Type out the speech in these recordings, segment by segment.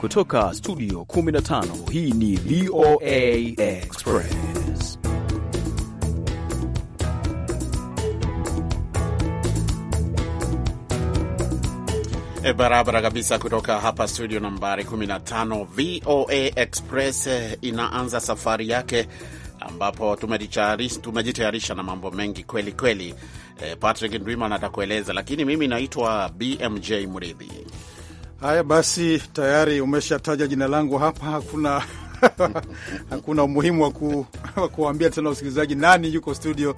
Kutoka studio 15 hii ni VOA Express. E, barabara kabisa kutoka hapa studio nambari 15 VOA Express eh, inaanza safari yake ambapo tumejitayarisha na mambo mengi kweli kweli. E, Patrick Ndwimana atakueleza, lakini mimi naitwa BMJ Mridhi. Haya basi, tayari umeshataja jina langu hapa, hakuna hakuna umuhimu wa ku, kuambia tena usikilizaji nani yuko studio,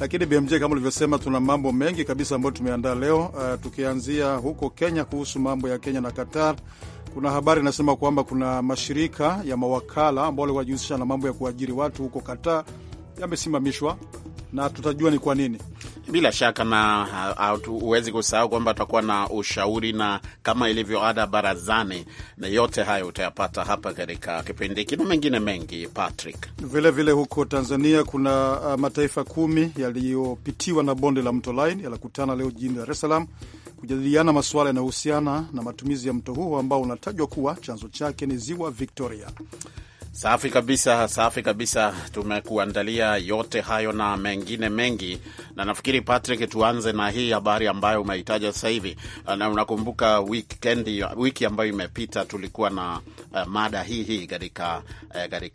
lakini BMJ, kama ulivyosema, tuna mambo mengi kabisa ambayo tumeandaa leo. Uh, tukianzia huko Kenya kuhusu mambo ya Kenya na Qatar, kuna habari inasema kwamba kuna mashirika ya mawakala ambao walikuwa wanajihusisha na mambo ya kuajiri watu huko Qatar yamesimamishwa, na tutajua ni kwa nini. Bila shaka na huwezi kusahau kwamba tutakuwa na ushauri na kama ilivyo ada barazani, na yote hayo utayapata hapa katika kipindi hiki na mengine mengi, Patrick. Vilevile vile huko Tanzania kuna uh, mataifa kumi yaliyopitiwa na bonde la mto Lain yalakutana leo jijini Dar es Salaam kujadiliana masuala yanayohusiana na matumizi ya mto huo ambao unatajwa kuwa chanzo chake ni ziwa Victoria. Safi kabisa, safi kabisa. Tumekuandalia yote hayo na mengine mengi, na nafikiri Patrick, tuanze na hii habari ambayo umeitaja sasa hivi, na unakumbuka wikendi, wiki ambayo imepita tulikuwa na uh, mada hii hii katika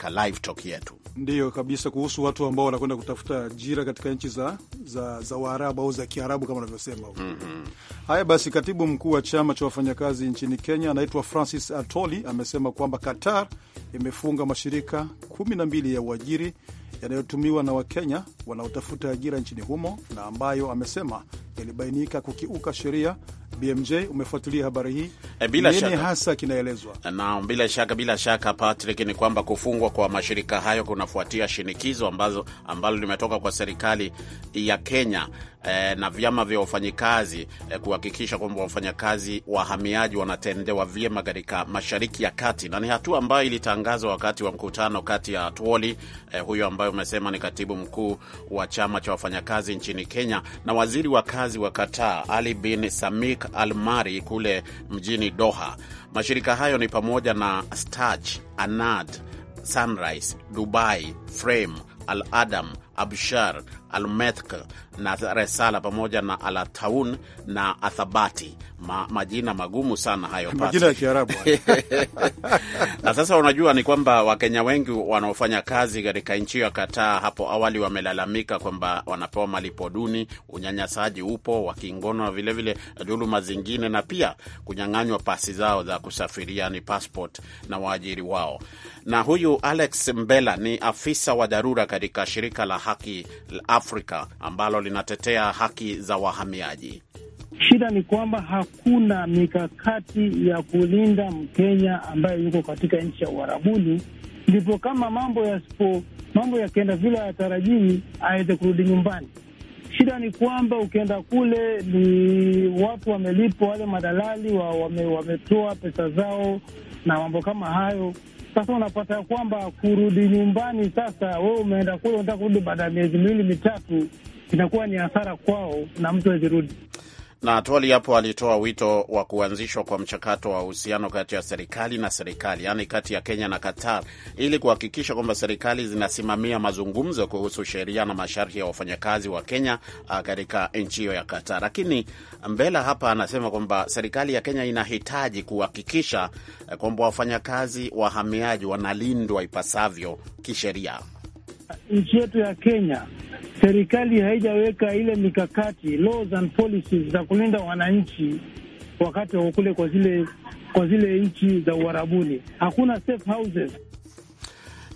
uh, live talk yetu, ndiyo kabisa, kuhusu watu ambao wanakwenda kutafuta ajira katika nchi za, za, za Waarabu au za Kiarabu kama unavyosema. mm -hmm. Haya basi, katibu mkuu wa chama cha wafanyakazi nchini Kenya anaitwa Francis Atoli amesema kwamba Qatar imefunga kujiunga mashirika 12 ya uajiri yanayotumiwa na Wakenya wanaotafuta ajira nchini humo na ambayo amesema yalibainika kukiuka sheria. BMJ, umefuatilia habari hii, eh, bila nini shaka hasa kinaelezwa? Naam, bila shaka, bila shaka Patrick, ni kwamba kufungwa kwa mashirika hayo kunafuatia shinikizo ambazo ambalo limetoka kwa serikali ya Kenya eh, na vyama vya wafanyikazi eh, kuhakikisha kwamba wafanyakazi wahamiaji wanatendewa vyema katika Mashariki ya Kati, na ni hatua ambayo ilitangazwa wakati wa mkutano kati ya Tuoli eh, huyo ambaye umesema ni katibu mkuu wa chama cha wafanyakazi nchini Kenya na waziri wa kazi wa Qatar Ali bin Samik Al Mari kule mjini Doha. Mashirika hayo ni pamoja na Starch, Anad, Sunrise Dubai, Frame, Al Adam Abshar, Almethk na Resala pamoja na Alataun na Athabati. Ma, majina magumu sana hayo majina ya Kiarabu. Na sasa unajua ni kwamba Wakenya wengi wanaofanya kazi katika nchi ya Kataa hapo awali wamelalamika kwamba wanapewa malipo duni, unyanyasaji upo wakingonwa vilevile dhuluma zingine, na pia kunyang'anywa pasi zao za kusafiria, ni passport na waajiri wao. Na huyu Alex Mbela ni afisa wa dharura katika shirika la Haki Afrika ambalo linatetea haki za wahamiaji. Shida ni kwamba hakuna mikakati ya kulinda Mkenya ambaye yuko katika nchi ya Uarabuni, ndipo kama mambo yasipo mambo yakienda vile yatarajiwi, aweze kurudi nyumbani. Shida ni kwamba ukienda kule ni watu wamelipwa, wale madalali wametoa wame pesa zao na mambo kama hayo, sasa unapata kwamba kurudi nyumbani, sasa wewe umeenda kule, unataka kurudi baada ya miezi miwili mitatu, inakuwa ni hasara kwao na mtu hawezi rudi. Na Twali hapo alitoa wito wa kuanzishwa kwa mchakato wa uhusiano kati ya serikali na serikali, yaani kati ya Kenya na Qatar, ili kuhakikisha kwamba serikali zinasimamia mazungumzo kuhusu sheria na masharti ya wafanyakazi wa Kenya ah, katika nchi hiyo ya Qatar. Lakini Mbela hapa anasema kwamba serikali ya Kenya inahitaji kuhakikisha eh, kwamba wafanyakazi wahamiaji wanalindwa ipasavyo kisheria nchi yetu ya Kenya serikali haijaweka ile mikakati laws and policies za kulinda wananchi wakati wa kule kwa zile kwa zile nchi za uharabuni, hakuna safe houses.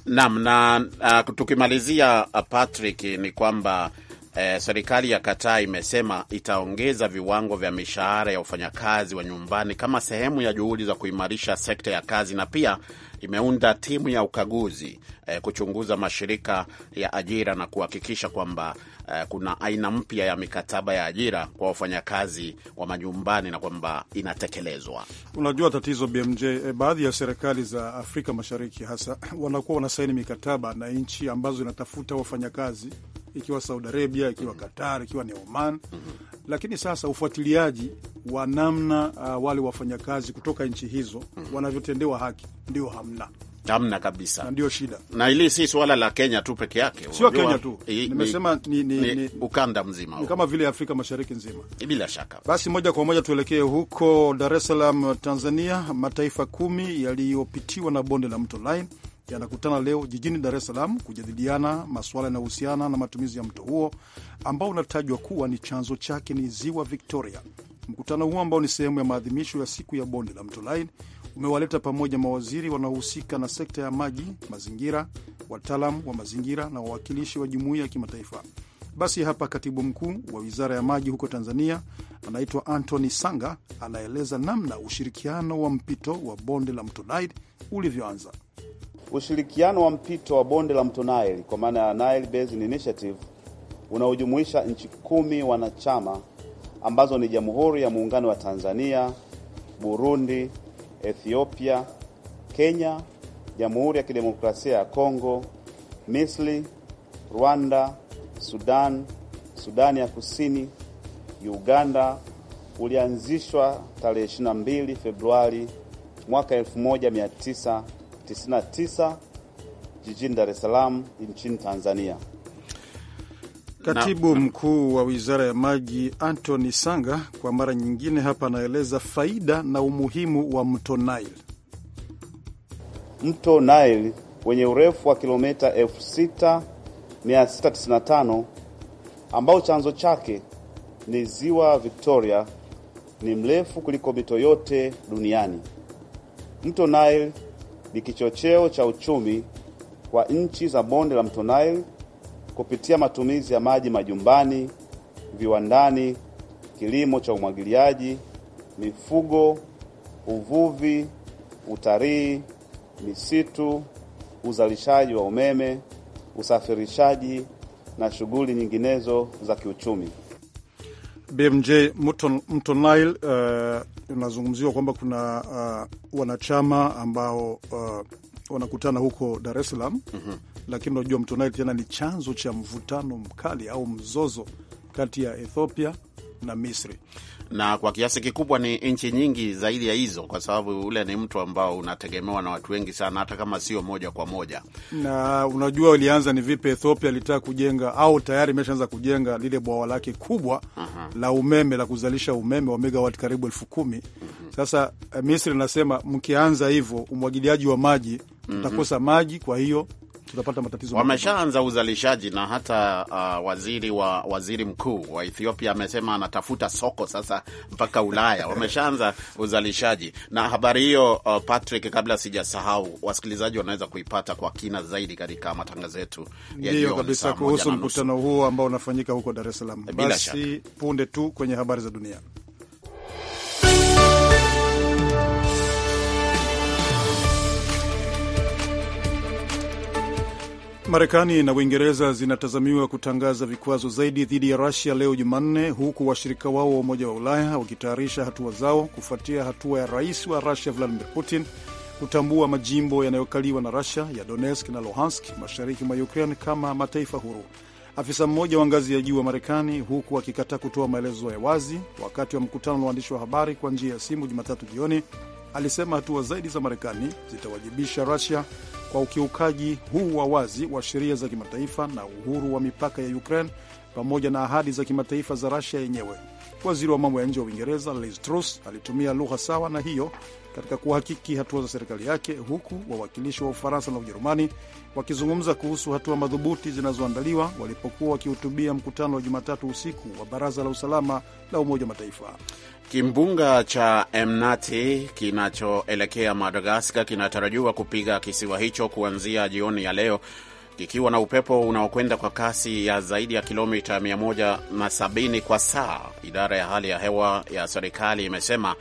Naam, na uh, tukimalizia uh, Patrick, ni kwamba eh, serikali ya Kataa imesema itaongeza viwango vya mishahara ya wafanyakazi wa nyumbani kama sehemu ya juhudi za kuimarisha sekta ya kazi na pia imeunda timu ya ukaguzi eh, kuchunguza mashirika ya ajira na kuhakikisha kwamba eh, kuna aina mpya ya mikataba ya ajira kwa wafanyakazi wa majumbani na kwamba inatekelezwa. Unajua tatizo BMJ, eh, baadhi ya serikali za Afrika Mashariki hasa wanakuwa wanasaini mikataba na nchi ambazo inatafuta wafanyakazi ikiwa Saudi Arabia, ikiwa mhm. Qatar, ikiwa ni Oman. Mhm. Lakini sasa ufuatiliaji wa namna uh, wale wafanyakazi kutoka nchi hizo mhm. wanavyotendewa haki ndio hamna hamna kabisa, na ndio shida. Na hili si swala la Kenya tu peke yake, sio Kenya tu, nimesema ni, ni, ni, ni ukanda mzima, ni kama vile Afrika Mashariki nzima. Bila shaka, basi moja kwa moja tuelekee huko Dar es Salaam, Tanzania. Mataifa kumi yaliyopitiwa na bonde la mto Line yanakutana leo jijini Dar es Salaam kujadiliana masuala yanayohusiana na matumizi ya mto huo ambao unatajwa kuwa ni chanzo chake ni ziwa Victoria. Mkutano huo ambao ni sehemu ya maadhimisho ya siku ya bonde la mto Laini umewaleta pamoja mawaziri wanaohusika na sekta ya maji, mazingira, wataalam wa mazingira na wawakilishi wa jumuiya ya kimataifa. Basi hapa katibu mkuu wa wizara ya maji huko Tanzania anaitwa Anthony Sanga, anaeleza namna ushirikiano wa mpito wa bonde la mto Laini ulivyoanza. Ushirikiano wa mpito wa bonde la mto Nile kwa maana ya Nile Basin Initiative unaojumuisha nchi kumi wanachama ambazo ni Jamhuri ya Muungano wa Tanzania, Burundi, Ethiopia, Kenya, Jamhuri ya Kidemokrasia ya Kongo, Misri, Rwanda, Sudan, Sudani ya Kusini, Uganda ulianzishwa tarehe 22 Februari mwaka 19 99 jijini Dar es Salaam nchini Tanzania. Katibu mkuu wa wizara ya maji Anthony Sanga kwa mara nyingine hapa anaeleza faida na umuhimu wa mto Nile. Mto Nile wenye urefu wa kilomita 6695 ambao chanzo chake ni ziwa Victoria ni mrefu kuliko mito yote duniani. Mto Nile ni kichocheo cha uchumi kwa nchi za bonde la mto Nile kupitia matumizi ya maji majumbani, viwandani, kilimo cha umwagiliaji, mifugo, uvuvi, utalii, misitu, uzalishaji wa umeme, usafirishaji na shughuli nyinginezo za kiuchumi. BMJ mto, Nile uh, unazungumziwa kwamba kuna uh, wanachama ambao uh, wanakutana huko Dar es Salaam mm -hmm. Lakini unajua mto Nile tena ni chanzo cha mvutano mkali au mzozo kati ya Ethiopia na Misri na kwa kiasi kikubwa ni nchi nyingi zaidi ya hizo, kwa sababu ule ni mtu ambao unategemewa na watu wengi sana, hata kama sio moja kwa moja. Na unajua ulianza ni vipi? Ethiopia alitaka kujenga au tayari imeshaanza kujenga lile bwawa lake kubwa uh -huh. la umeme la kuzalisha umeme wa megawati karibu elfu kumi uh mhm. -huh. Sasa eh, Misri nasema mkianza hivyo umwagiliaji wa maji tutakosa mhm. uh -huh. maji, kwa hiyo tutapata matatizo. Wameshaanza uzalishaji na hata uh, waziri wa waziri mkuu wa Ethiopia amesema anatafuta soko sasa mpaka Ulaya. Wameshaanza uzalishaji na habari hiyo uh, Patrick, kabla sijasahau, wasikilizaji wanaweza kuipata kwa kina zaidi katika matangazo yetu ndiyo kabisa kuhusu mkutano huo ambao unafanyika huko Dar es Salaam. Basi punde tu kwenye habari za dunia. Marekani na Uingereza zinatazamiwa kutangaza vikwazo zaidi dhidi ya Rusia leo Jumanne, huku washirika wao wa Umoja wa Ulaya wakitayarisha hatua zao kufuatia hatua ya rais wa Rusia Vladimir Putin kutambua majimbo yanayokaliwa na Rusia ya Donetsk na Luhansk mashariki mwa Ukraine kama mataifa huru. Afisa mmoja wa ngazi ya juu wa Marekani huku akikataa kutoa maelezo ya wazi wakati wa mkutano na waandishi wa habari kwa njia ya simu Jumatatu jioni alisema hatua zaidi za Marekani zitawajibisha Rusia kwa ukiukaji huu wa wazi wa sheria za kimataifa na uhuru wa mipaka ya Ukraine pamoja na ahadi za kimataifa za Rusia yenyewe. Waziri wa mambo ya nje wa Uingereza Liz Truss alitumia lugha sawa na hiyo katika kuhakiki hatua za serikali yake, huku wawakilishi wa Ufaransa na Ujerumani wakizungumza kuhusu hatua madhubuti zinazoandaliwa walipokuwa wakihutubia mkutano wa Jumatatu usiku wa Baraza la Usalama la Umoja wa Mataifa. Kimbunga cha Emnati kinachoelekea Madagaskar kinatarajiwa kupiga kisiwa hicho kuanzia jioni ya leo kikiwa na upepo unaokwenda kwa kasi ya zaidi ya kilomita 170 kwa saa, idara ya hali ya hewa ya serikali imesema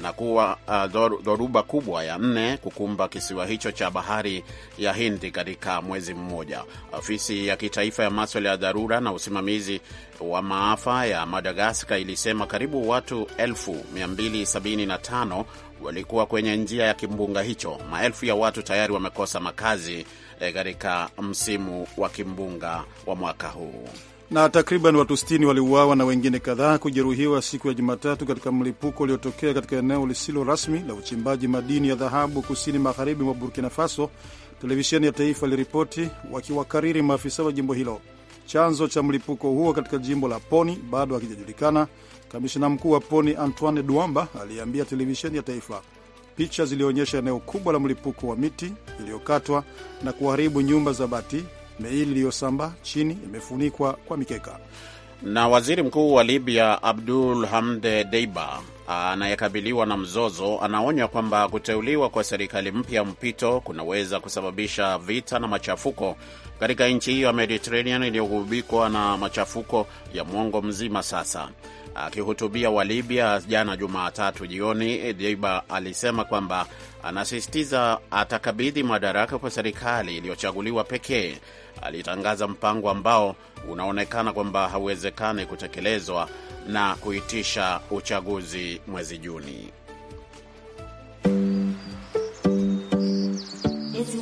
na kuwa uh, dhoruba kubwa ya nne kukumba kisiwa hicho cha bahari ya Hindi katika mwezi mmoja. Ofisi ya kitaifa ya maswala ya dharura na usimamizi wa maafa ya Madagaskar ilisema karibu watu 275 walikuwa kwenye njia ya kimbunga hicho. Maelfu ya watu tayari wamekosa makazi eh, katika msimu wa kimbunga wa mwaka huu na takriban watu 60 waliuawa na wengine kadhaa kujeruhiwa siku ya Jumatatu katika mlipuko uliotokea katika eneo lisilo rasmi la uchimbaji madini ya dhahabu kusini magharibi mwa Burkina Faso, televisheni ya taifa iliripoti wakiwakariri maafisa wa jimbo hilo. Chanzo cha mlipuko huo katika jimbo la Poni bado hakijajulikana. Kamishina mkuu wa Poni Antoine Duamba aliambia televisheni ya taifa picha zilionyesha eneo kubwa la mlipuko wa miti iliyokatwa na kuharibu nyumba za bati miili iliyosambaa chini imefunikwa kwa mikeka. Na waziri mkuu wa Libya Abdul Hamde Deiba anayekabiliwa na mzozo anaonya kwamba kuteuliwa kwa serikali mpya mpito kunaweza kusababisha vita na machafuko katika nchi hiyo ya Mediterranean iliyogubikwa na machafuko ya mwongo mzima sasa. Akihutubia wa Libya jana Jumatatu jioni, Deiba alisema kwamba anasisitiza atakabidhi madaraka kwa serikali iliyochaguliwa pekee alitangaza mpango ambao unaonekana kwamba hauwezekani kutekelezwa na kuitisha uchaguzi mwezi Juni. It's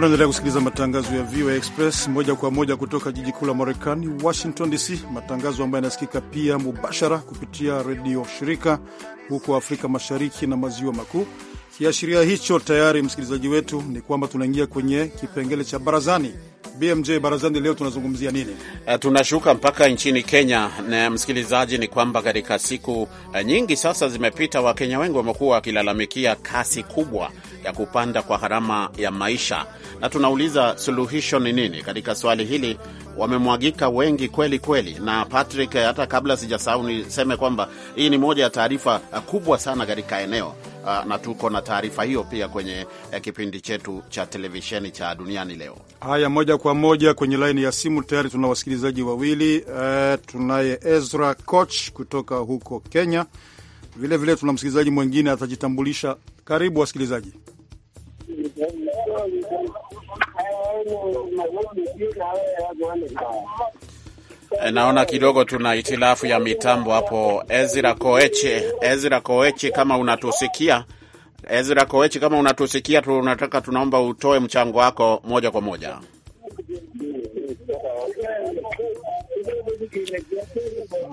Unaendelea kusikiliza matangazo ya VOA Express moja kwa moja kutoka jiji kuu la Marekani, Washington DC, matangazo ambayo yanasikika pia mubashara kupitia redio shirika huko Afrika Mashariki na Maziwa Makuu. Kiashiria hicho tayari, msikilizaji wetu, ni kwamba tunaingia kwenye kipengele cha barazani BMJ barazani, leo tunazungumzia nini? Uh, tunashuka mpaka nchini Kenya na msikilizaji, ni kwamba katika siku uh, nyingi sasa zimepita, Wakenya wengi wamekuwa wakilalamikia kasi kubwa ya kupanda kwa gharama ya maisha, na tunauliza suluhisho ni nini katika swali hili. Wamemwagika wengi kweli kweli, na Patrick, eh, hata kabla sijasahau niseme kwamba hii ni moja ya taarifa kubwa sana katika eneo uh, na tuko na taarifa hiyo pia kwenye uh, kipindi chetu cha televisheni cha duniani leo. Haya, moja kwa moja kwenye laini ya simu tayari tuna wasikilizaji wawili. Uh, tunaye Ezra Koch kutoka huko Kenya, vilevile vile tuna msikilizaji mwingine atajitambulisha. Karibu wasikilizaji. Eh, naona kidogo tuna itilafu ya mitambo hapo. Ezra Koeche, Ezra Koeche, kama unatusikia Ezra Koechi, kama unatusikia, tunataka tunaomba utoe mchango wako moja kwa moja.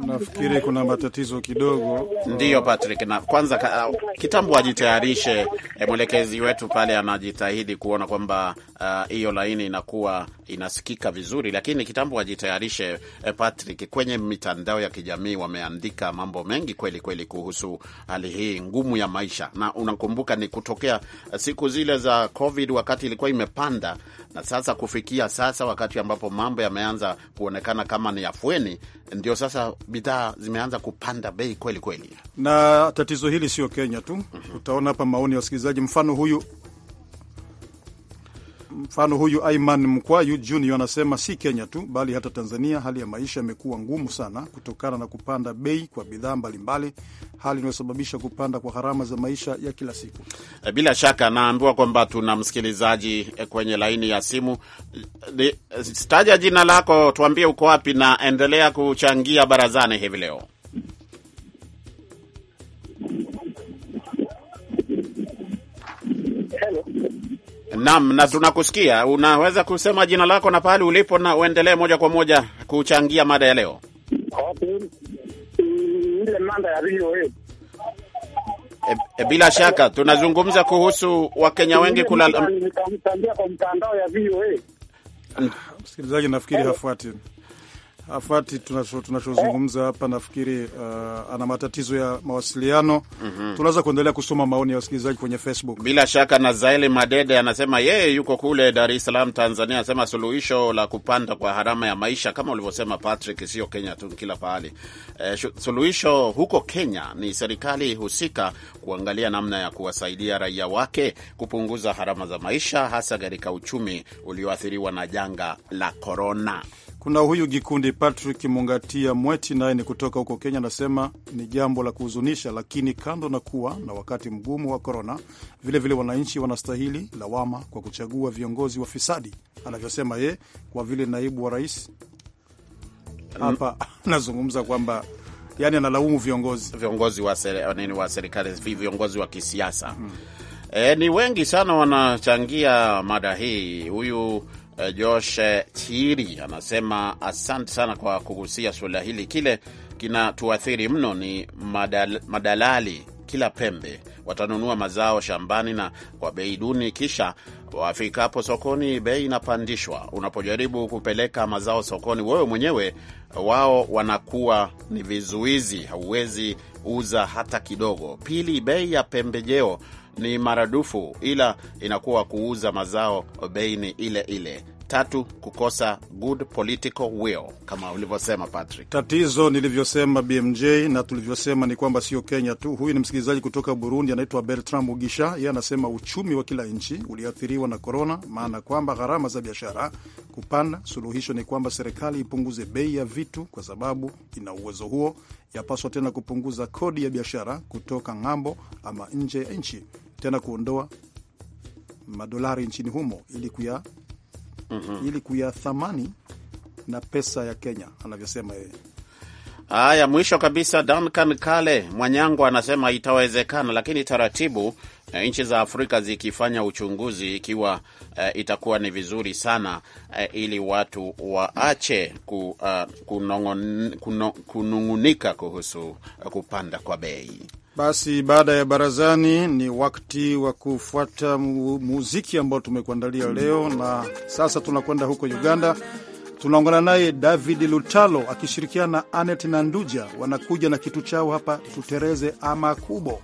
Nafikiri kuna matatizo kidogo, ndiyo Patrick. Na kwanza kitambo ajitayarishe, eh, mwelekezi wetu pale anajitahidi kuona kwamba ah, hiyo uh, laini inakuwa inasikika vizuri, lakini kitambo wajitayarishe. Eh, Patrick, kwenye mitandao ya kijamii wameandika mambo mengi kweli kweli kuhusu hali hii ngumu ya maisha, na unakumbuka ni kutokea eh, siku zile za COVID wakati ilikuwa imepanda, na sasa kufikia sasa wakati ambapo mambo yameanza kuonekana kama ni afueni, ndio sasa bidhaa zimeanza kupanda bei kweli kweli, na tatizo hili sio Kenya tu. mm -hmm. Utaona hapa maoni ya wasikilizaji, mfano huyu Mfano huyu Aiman Mkwayu Junior anasema si Kenya tu bali hata Tanzania hali ya maisha imekuwa ngumu sana kutokana na kupanda bei kwa bidhaa mbalimbali, hali inayosababisha kupanda kwa gharama za maisha ya kila siku. Eh, bila shaka naambiwa kwamba tuna msikilizaji eh, kwenye laini ya simu. Eh, staja jina lako, tuambie uko wapi na endelea kuchangia barazani hivi leo. Naam, na tunakusikia. Unaweza kusema jina lako na pahali ulipo, na uendelee moja kwa moja kuchangia mada ya leo. E, bila shaka tunazungumza kuhusu Wakenya wengi kulala. Msikilizaji nafikiri hafuati Afati tunachozungumza hapa nafikiri uh, ana matatizo ya mawasiliano mm -hmm. Tunaweza kuendelea kusoma maoni ya wasikilizaji kwenye Facebook bila shaka. Na Zaeli Madede anasema yeye yuko kule Dar es Salaam, Tanzania, anasema suluhisho la kupanda kwa harama ya maisha kama ulivyosema Patrick, sio Kenya tu, kila pahali eh, suluhisho huko Kenya ni serikali husika kuangalia namna ya kuwasaidia raia wake kupunguza harama za maisha, hasa katika uchumi ulioathiriwa na janga la korona. Kuna huyu Gikundi Patrick Mungatia Mweti, naye ni kutoka huko Kenya, anasema ni jambo la kuhuzunisha, lakini kando na kuwa na wakati mgumu wa korona, vilevile wananchi wanastahili lawama kwa kuchagua viongozi wa fisadi, anavyosema ye, kwa vile naibu wa rais hapa mm-hmm. anazungumza kwamba yani analaumu viongozi viongozi wa nini wa serikali viongozi wa kisiasa. Hmm. E, ni wengi sana wanachangia mada hii. Huyu Eh, Josh chiri eh, anasema asante sana kwa kugusia suala hili. Kile kinatuathiri mno ni madal, madalali kila pembe watanunua mazao shambani na kwa bei duni, kisha wafikapo sokoni bei inapandishwa. Unapojaribu kupeleka mazao sokoni wewe mwenyewe, wao wanakuwa ni vizuizi, hauwezi uza hata kidogo. Pili, bei ya pembejeo ni maradufu, ila inakuwa kuuza mazao beini ile ile. Tatu, kukosa good political will kama ulivyosema Patrick. Tatizo nilivyosema BMJ na tulivyosema ni kwamba sio Kenya tu. Huyu ni msikilizaji kutoka Burundi, anaitwa Bertrand Mugisha. Yeye anasema uchumi wa kila nchi uliathiriwa na korona, maana kwamba gharama za biashara kupanda. Suluhisho ni kwamba serikali ipunguze bei ya vitu, kwa sababu ina uwezo huo. Yapaswa tena kupunguza kodi ya biashara kutoka ng'ambo ama nje ya nchi tena kuondoa madolari nchini humo ili kuya mm -hmm. ili kuya thamani na pesa ya Kenya anavyosema yeye. Haya, mwisho kabisa, Duncan Kale Mwanyango anasema itawezekana, lakini taratibu, eh, nchi za Afrika zikifanya uchunguzi, ikiwa eh, itakuwa ni vizuri sana eh, ili watu waache ku, uh, kunongon, kuno, kunung'unika kuhusu uh, kupanda kwa bei. Basi baada ya barazani ni wakati wa kufuata muziki ambao tumekuandalia mm. leo, na sasa tunakwenda huko Uganda. Tunaongana naye David Lutalo akishirikiana na Anet na Nduja, wanakuja na kitu chao hapa, tutereze ama kubo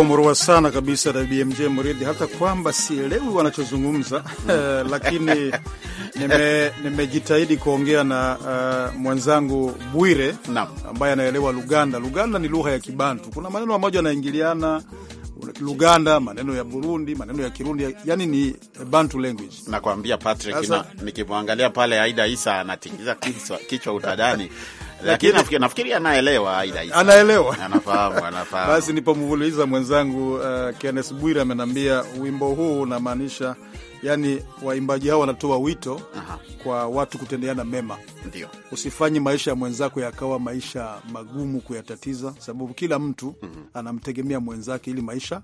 kibao murua sana kabisa na BMJ Muridhi, hata kwamba sielewi wanachozungumza eh, lakini nimejitahidi nime kuongea na uh, mwenzangu Bwire ambaye anaelewa Luganda. Luganda ni lugha ya Kibantu, kuna maneno ambayo yanaingiliana Luganda, maneno ya Burundi, maneno ya Kirundi, yani ni bantu language. Nakwambia Patrick, nikimwangalia pale Aida Isa anatingiza kichwa utadani lakini nafikiri nafikiri anaelewa anaelewa anafahamu anafahamu. Basi mwenzangu uh, Kenneth Bwire amenambia wimbo huu unamaanisha yani waimbaji hao wanatoa wito Aha. kwa watu kutendeana mema. Ndio. Usifanye maisha ya mwenzako yakawa maisha magumu kuyatatiza, sababu kila mtu mm -hmm. anamtegemea mwenzake ili maisha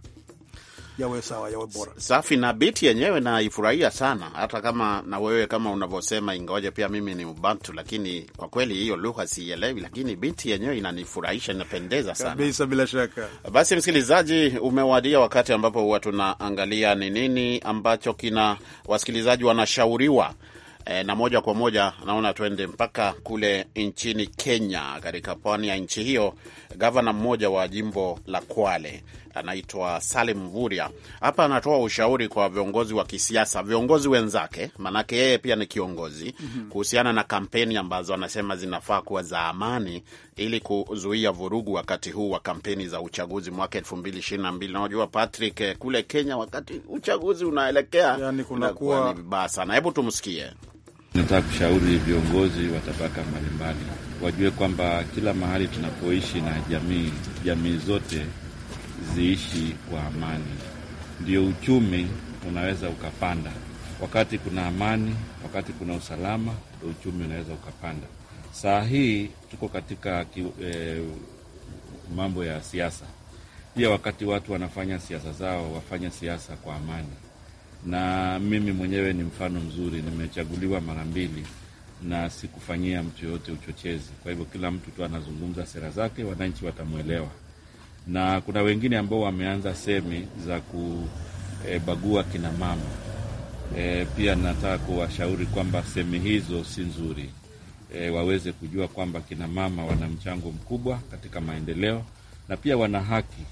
yawe sawa, yawe bora, safi na biti yenyewe naifurahia sana, hata kama na wewe kama unavyosema, ingawaje pia mimi ni Ubantu, lakini kwa kweli hiyo lugha siielewi, lakini biti yenyewe inanifurahisha, inapendeza sana kabisa. Bila shaka, basi msikilizaji, umewadia wakati ambapo huwa tunaangalia ni nini ambacho kina wasikilizaji wanashauriwa E, na moja kwa moja naona tuende mpaka kule nchini Kenya, katika pwani ya nchi hiyo. Gavana mmoja wa jimbo la Kwale anaitwa Salim Mvurya, hapa anatoa ushauri kwa viongozi wa kisiasa, viongozi wenzake, maanake yeye pia ni kiongozi mm -hmm. kuhusiana na kampeni ambazo anasema zinafaa kuwa za amani ili kuzuia vurugu wakati huu wa kampeni za uchaguzi mwaka elfu mbili ishirini na mbili. Najua Patrick, eh, kule Kenya wakati uchaguzi unaelekea, yani kunakuwa vibaya sana. Hebu tumsikie. Nataka kushauri viongozi wa tabaka mbalimbali wajue kwamba kila mahali tunapoishi na jamii, jamii zote ziishi kwa amani, ndio uchumi unaweza ukapanda. Wakati kuna amani, wakati kuna usalama, ndio uchumi unaweza ukapanda. Saa hii tuko katika eh, mambo ya siasa pia. Wakati watu wanafanya siasa zao, wafanye siasa kwa amani na mimi mwenyewe ni mfano mzuri, nimechaguliwa mara mbili na sikufanyia mtu yoyote uchochezi. Kwa hivyo kila mtu tu anazungumza sera zake, wananchi watamwelewa. Na kuna wengine ambao wameanza semi za kubagua kina mama e, pia nataka kuwashauri kwamba semi hizo si nzuri. E, waweze kujua kwamba kina mama wana mchango mkubwa katika maendeleo na pia wana haki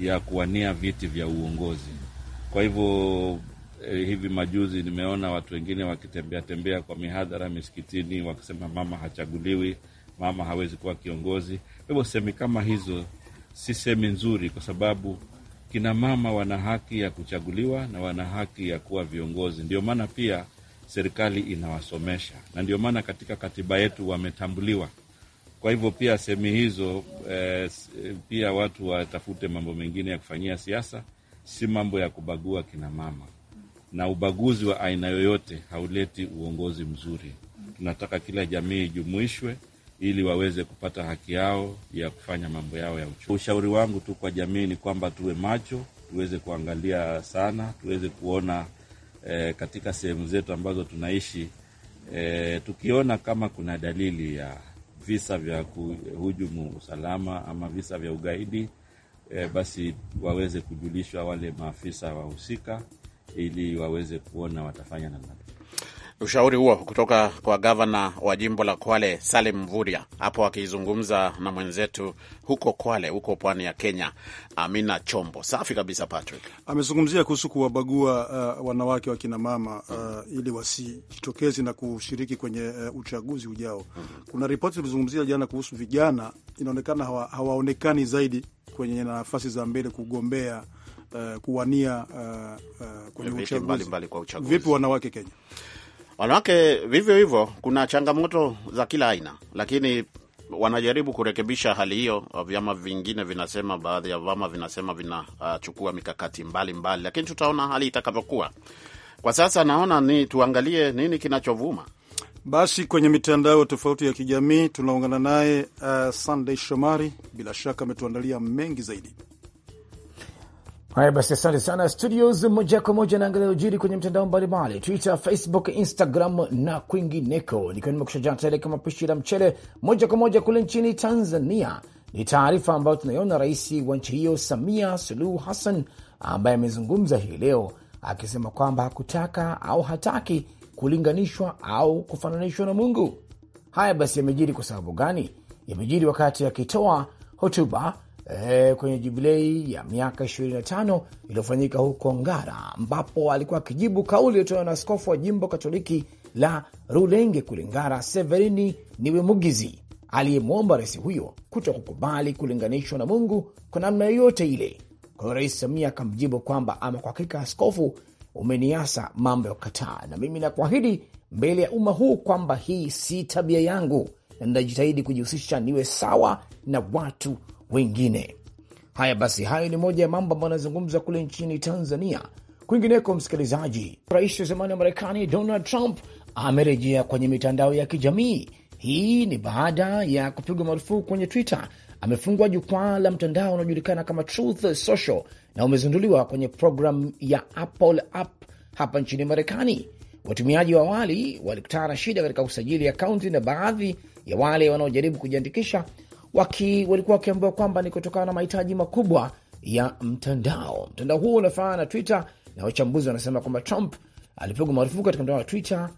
ya kuwania viti vya uongozi. Kwa hivyo eh, hivi majuzi nimeona watu wengine wakitembea tembea kwa mihadhara misikitini wakisema mama hachaguliwi, mama hawezi kuwa kiongozi. Kwa hivyo semi kama hizo si semi nzuri, kwa sababu kina mama wana haki ya kuchaguliwa na wana haki ya kuwa viongozi. Ndio maana pia serikali inawasomesha na ndio maana katika katiba yetu wametambuliwa. Kwa hivyo pia semi hizo eh, eh pia watu watafute mambo mengine ya kufanyia siasa, si mambo ya kubagua kina mama na ubaguzi wa aina yoyote hauleti uongozi mzuri. Tunataka kila jamii ijumuishwe ili waweze kupata haki yao ya kufanya mambo yao ya uchumi. Ushauri wangu tu kwa jamii ni kwamba tuwe macho, tuweze kuangalia sana, tuweze kuona e, katika sehemu zetu ambazo tunaishi e, tukiona kama kuna dalili ya visa vya kuhujumu usalama ama visa vya ugaidi e, basi waweze kujulishwa wale maafisa wahusika ili waweze kuona watafanya namna gani. Ushauri huo kutoka kwa gavana wa jimbo la Kwale Salim Mvurya, hapo akizungumza na mwenzetu huko Kwale, huko pwani ya Kenya, Amina Chombo. Safi kabisa. Patrick amezungumzia kuhusu kuwabagua uh, wanawake wakinamama uh, ili wasijitokezi na kushiriki kwenye uh, uchaguzi ujao. Kuna ripoti ilizungumzia jana kuhusu vijana, inaonekana hawa, hawaonekani zaidi kwenye nafasi za mbele kugombea uh, kuwania uh, uh, kwenye uchaguzi mbalimbali kwa uchaguzi. Vipi wanawake Kenya? Wanawake vivyo hivyo, kuna changamoto za kila aina, lakini wanajaribu kurekebisha hali hiyo. Vyama vingine vinasema, baadhi ya vyama vinasema vinachukua uh, mikakati mbalimbali mbali. Lakini tutaona hali itakavyokuwa. Kwa sasa naona ni tuangalie nini kinachovuma basi kwenye mitandao tofauti ya kijamii. Tunaungana naye uh, Sunday Shomari, bila shaka ametuandalia mengi zaidi. Haya basi, asante sana studios. Moja kwa moja naangalia ujiri kwenye mtandao mbalimbali, Twitter, Facebook, Instagram na kwingineko, nikiwa nimekushajaa tele kama pishi la mchele. Moja kwa moja kule nchini Tanzania ni taarifa ambayo tunaiona rais wa nchi hiyo Samia Suluhu Hassan ambaye amezungumza hii leo akisema kwamba hakutaka au hataki kulinganishwa au kufananishwa na Mungu. Haya basi, yamejiri kwa sababu gani? Yamejiri wakati akitoa hotuba e, kwenye jubilei ya miaka 25 iliyofanyika huko Ngara, ambapo alikuwa akijibu kauli iliyotolewa na askofu wa jimbo Katoliki la Rulenge kule Ngara, Severini Niwemugizi, aliyemwomba rais huyo kuto kukubali kulinganishwa na Mungu kwa namna yoyote ile. Kwa hiyo Rais Samia akamjibu kwamba ama kwa hakika, askofu, umeniasa mambo ya kukataa, na mimi nakuahidi mbele ya umma huu kwamba hii si tabia yangu na ninajitahidi kujihusisha niwe sawa na watu wengine. Haya basi, hayo ni moja ya mambo ambayo anazungumza kule nchini Tanzania. Kwingineko, msikilizaji, rais wa zamani wa Marekani Donald Trump amerejea kwenye mitandao ya kijamii. Hii ni baada ya kupigwa marufuku kwenye Twitter. Amefungua jukwaa la mtandao unaojulikana kama Truth Social na umezinduliwa kwenye programu ya Apple App hapa nchini Marekani. Watumiaji wa awali walikutana na shida katika usajili akaunti, na baadhi ya wale wanaojaribu kujiandikisha waki, walikuwa wakiambiwa kwamba ni kutokana na mahitaji makubwa ya mtandao. Mtandao huo unafanana na Twitter, na wachambuzi wanasema kwamba Trump alipigwa marufuku katika mtandao wa Twitter,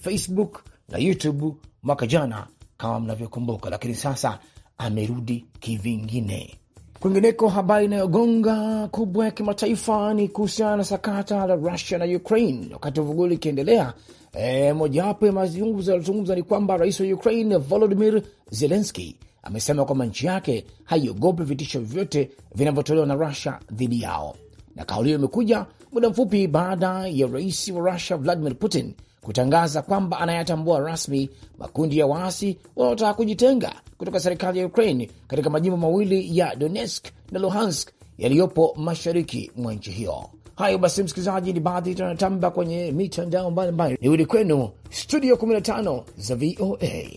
Facebook na YouTube mwaka jana kama mnavyokumbuka, lakini sasa amerudi kivingine. Kwingineko, habari inayogonga kubwa ya kimataifa ni kuhusiana na sakata la Russia na Ukraine. Wakati vuguli ikiendelea, e, eh, mojawapo ya mazungumzo yalizungumza ni kwamba rais wa Ukraine volodimir zelenski amesema kwamba nchi yake haiogopi vitisho vyovyote vinavyotolewa na Rusia dhidi yao. Na kauli hiyo imekuja muda mfupi baada ya rais wa Rusia Vladimir Putin kutangaza kwamba anayatambua rasmi makundi ya waasi wanaotaka kujitenga kutoka serikali ya Ukraine katika majimbo mawili ya Donetsk na Luhansk yaliyopo mashariki mwa nchi hiyo. Hayo basi, msikilizaji, ni baadhi tunatamba kwenye mitandao mbalimbali. Ni wili kwenu studio 15 za VOA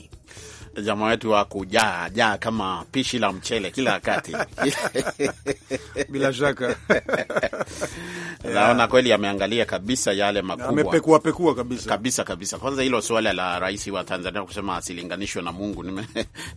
jamaa wetu wa kujaa jaa kama pishi la mchele kila wakati bila shaka naona Kweli ameangalia kabisa yale makubwa, amepekua pekua kabisa kabisa kabisa. Kwanza hilo suala la rais wa Tanzania kusema asilinganishwe na Mungu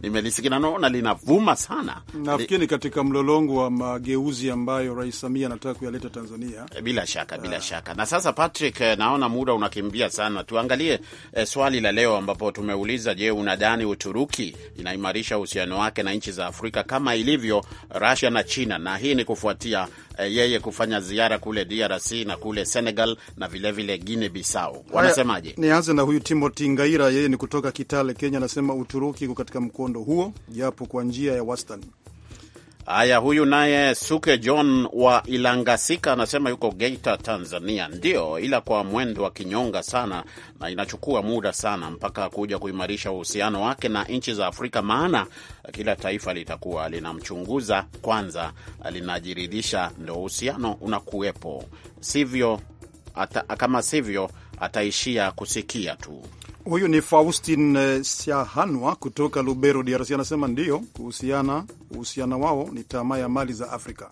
nimelisikia, nime naona linavuma sana. Nafikiri katika mlolongo wa mageuzi ambayo Rais Samia anataka kuyaleta Tanzania, eh, bila shaka bila ah. shaka. Na sasa Patrick, eh, naona muda unakimbia sana, tuangalie eh, swali la leo ambapo tumeuliza, je, unadhani Uturuki inaimarisha uhusiano wake na nchi za Afrika kama ilivyo Rusia na China, na hii ni kufuatia eh, yeye kufanya ziara kule DRC na kule Senegal na vilevile guine Bissau. Wanasemaje? Nianze na huyu Timothy Ngaira, yeye ni kutoka Kitale, Kenya, anasema Uturuki iko katika mkondo huo japo kwa njia ya wastani. Haya, huyu naye Suke John wa Ilangasika anasema yuko Geita, Tanzania. ndio ila kwa mwendo wa kinyonga sana, na inachukua muda sana mpaka kuja kuimarisha uhusiano wake na nchi za Afrika, maana kila taifa litakuwa linamchunguza kwanza, linajiridhisha, ndo uhusiano unakuwepo, sivyo ata, kama sivyo ataishia kusikia tu. Huyu ni Faustin eh, Siahanwa kutoka Lubero, DRC, anasema ndiyo, kuhusiana uhusiano wao ni tamaa ya mali za Afrika.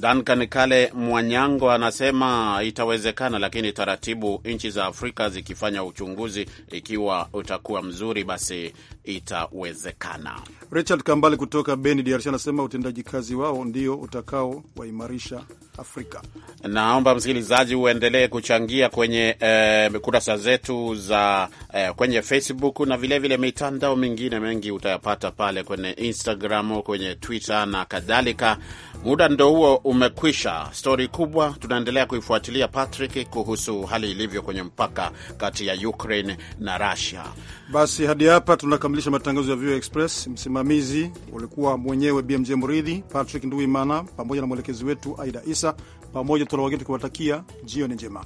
Duncan Kale Mwanyango anasema itawezekana, lakini taratibu, nchi za Afrika zikifanya uchunguzi, ikiwa utakuwa mzuri, basi itawezekana. Richard Kambale kutoka Beni, DRC, anasema utendaji kazi wao ndio utakao waimarisha Afrika. Naomba msikilizaji uendelee kuchangia kwenye eh, kurasa zetu za eh, kwenye Facebook na vilevile mitandao mingine mengi utayapata pale kwenye Instagram, kwenye Twitter na kadhalika. Muda ndo huo umekwisha. Stori kubwa tunaendelea kuifuatilia Patrick, kuhusu hali ilivyo kwenye mpaka kati ya Ukraine na Russia. Basi hadi hapa tunakamilisha matangazo ya VOA Express. Msimamizi ulikuwa mwenyewe BMJ mridhi Patrick Nduimana pamoja na mwelekezi wetu Aida Isa pamoja, tunawageni tukiwatakia jioni njema.